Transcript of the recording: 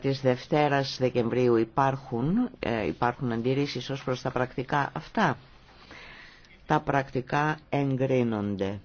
της Δευτέρας Δεκεμβρίου υπάρχουν, ε, υπάρχουν αντιρρήσεις ως προς τα πρακτικά αυτά. Τα πρακτικά εγκρίνονται.